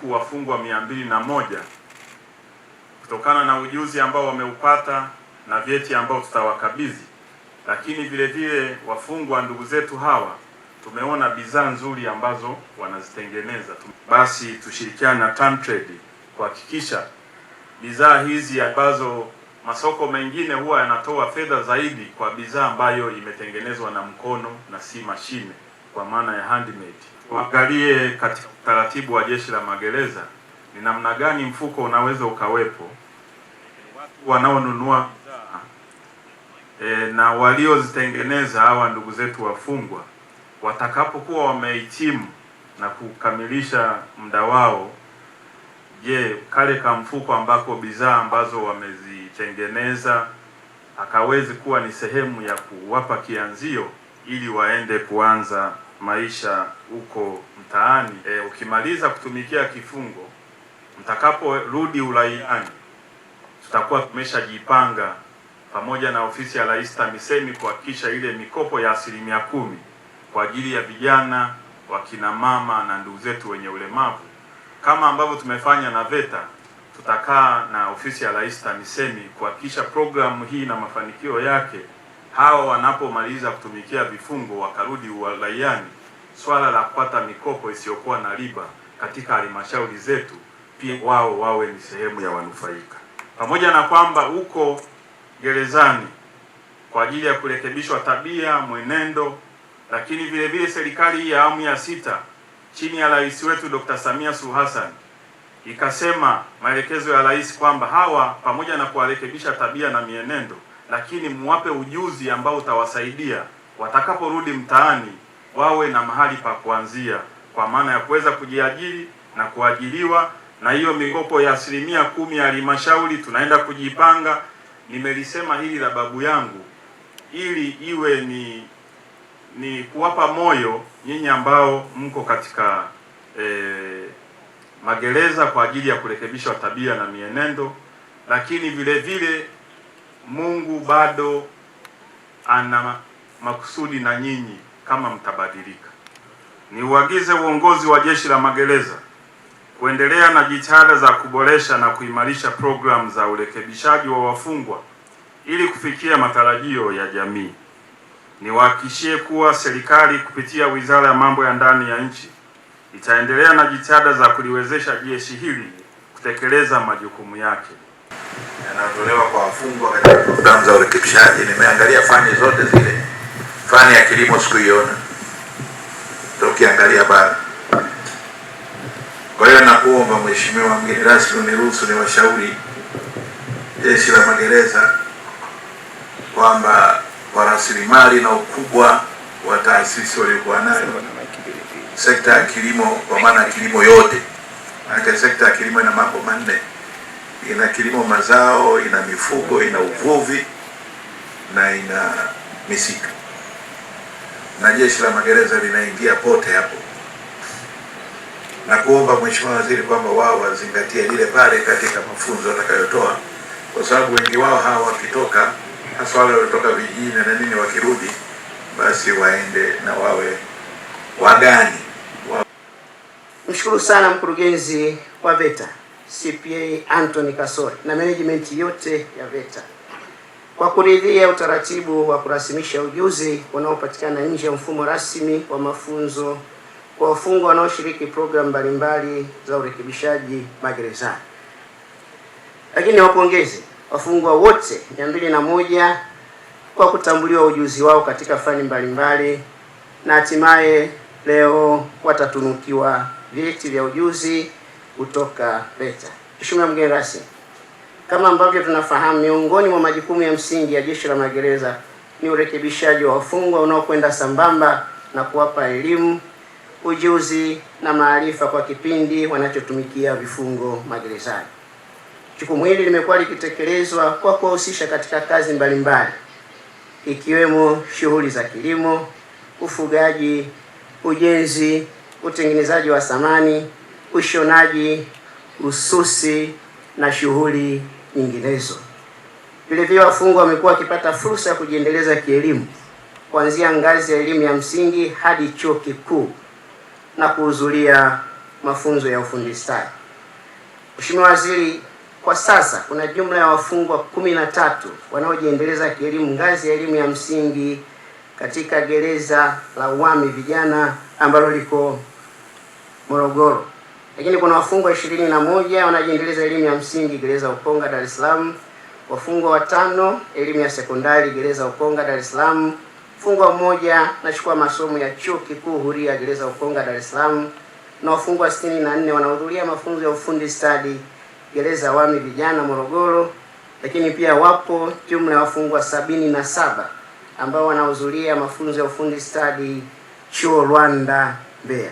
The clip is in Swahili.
huku wafungwa mia mbili na moja kutokana na ujuzi ambao wameupata na vyeti ambao tutawakabidhi, lakini vile vile wafungwa ndugu zetu hawa tumeona bidhaa nzuri ambazo wanazitengeneza. Basi tushirikiane na Tantrade kuhakikisha bidhaa hizi ambazo masoko mengine huwa yanatoa fedha zaidi kwa bidhaa ambayo imetengenezwa na mkono na si mashine, kwa maana ya handmade tuangalie katika utaratibu wa jeshi la magereza ni namna gani mfuko unaweza ukawepo watu wanaonunua e, na waliozitengeneza hawa ndugu zetu wafungwa watakapokuwa wamehitimu na kukamilisha muda wao, je, kale mfuko ambako bidhaa ambazo wamezitengeneza akawezi kuwa ni sehemu ya kuwapa kianzio ili waende kuanza maisha huko mtaani. E, ukimaliza kutumikia kifungo, mtakaporudi uraiani, tutakuwa tumeshajipanga pamoja na ofisi ya Rais TAMISEMI kuhakikisha ile mikopo ya asilimia kumi kwa ajili ya vijana, wakina mama na ndugu zetu wenye ulemavu kama ambavyo tumefanya na VETA, tutakaa na ofisi ya Rais TAMISEMI kuhakikisha programu hii na mafanikio yake hawa wanapomaliza kutumikia vifungo wakarudi uraiani, swala la kupata mikopo isiyokuwa na riba katika halmashauri zetu pia wao wawe ni sehemu ya wanufaika, pamoja na kwamba uko gerezani kwa ajili ya kurekebishwa tabia, mwenendo, lakini vile vile serikali hii ya awamu ya sita chini ya rais wetu Dr. Samia Suluhu Hassan ikasema maelekezo ya rais kwamba hawa pamoja na kuwarekebisha tabia na mienendo lakini mwape ujuzi ambao utawasaidia watakaporudi mtaani wawe na mahali pa kuanzia, kwa maana ya kuweza kujiajiri na kuajiriwa. Na hiyo mikopo ya asilimia kumi ya halmashauri tunaenda kujipanga. Nimelisema hili la babu yangu ili iwe ni ni kuwapa moyo nyinyi ambao mko katika eh, magereza kwa ajili ya kurekebisha tabia na mienendo, lakini vile vile Mungu bado ana makusudi na nyinyi kama mtabadilika. Niuagize uongozi wa Jeshi la Magereza kuendelea na jitihada za kuboresha na kuimarisha programu za urekebishaji wa wafungwa ili kufikia matarajio ya jamii. Niwahakikishie kuwa serikali kupitia Wizara ya Mambo ya Ndani ya Nchi itaendelea na jitihada za kuliwezesha jeshi hili kutekeleza majukumu yake yanayotolewa kwa wafungwa katika programu za urekebishaji. Nimeangalia fani zote zile, fani ya kilimo sikuiona, ukiangalia bara. Kwa hiyo nakuomba Mheshimiwa mgeni rasmi, uniruhusu ni washauri jeshi la magereza kwamba kwa rasilimali na ukubwa wa taasisi waliokuwa nayo sekta ya kilimo, kwa maana ya kilimo yote, manake sekta ya kilimo ina mambo manne ina kilimo mazao, ina mifugo, ina uvuvi na ina misitu, na jeshi la magereza linaingia pote hapo, na kuomba Mheshimiwa Waziri kwamba wao wazingatie lile pale katika mafunzo atakayotoa, kwa sababu wengi wao hawa wakitoka, hasa wale waliotoka vijijini na nini, wakirudi basi waende na wawe wagani. Mshukuru sana mkurugenzi wa VETA. CPA Anthony Kasore na management yote ya VETA kwa kuridhia utaratibu wa kurasimisha ujuzi unaopatikana nje ya mfumo rasmi wa mafunzo kwa wafungwa wanaoshiriki programu mbalimbali za urekebishaji magerezani. Lakini wapongeze wafungwa wote mia mbili na moja kwa kutambuliwa ujuzi wao katika fani mbalimbali na hatimaye leo watatunukiwa vyeti vya ujuzi kutoka VETA. Mheshimiwa mgeni rasmi, kama ambavyo tunafahamu, miongoni mwa majukumu ya msingi ya Jeshi la Magereza ni urekebishaji wa wafungwa unaokwenda sambamba na kuwapa elimu, ujuzi na maarifa kwa kipindi wanachotumikia vifungo magerezani. Jukumu hili limekuwa likitekelezwa kwa kuwahusisha katika kazi mbalimbali ikiwemo shughuli za kilimo, ufugaji, ujenzi, utengenezaji wa samani ushonaji, ususi na shughuli nyinginezo. Vilevile, wafungwa wamekuwa wakipata fursa ya kujiendeleza kielimu kuanzia ngazi ya elimu ya msingi hadi chuo kikuu na kuhudhuria mafunzo ya ufundi stadi. Mheshimiwa Waziri, kwa sasa kuna jumla ya wafungwa kumi na tatu wanaojiendeleza kielimu ngazi ya elimu ya msingi katika gereza la Uwami vijana ambalo liko Morogoro. Lakini kuna wafungwa ishirini na moja elimu ya msingi gereza Ukonga Dar es Salaam, wafungwa watano elimu ya sekondari gereza Ukonga Dar es Salaam, fungwa mmoja anachukua masomo ya chuo kikuu huria gereza Ukonga Dar es Salaam, na wafungwa sitini na nne wanahudhuria mafunzo ya ufundi stadi gereza Wami Vijana Morogoro. Lakini pia wapo jumla ya wafungwa sabini na saba ambao wanahudhuria mafunzo ya ufundi stadi chuo Rwanda Mbeya.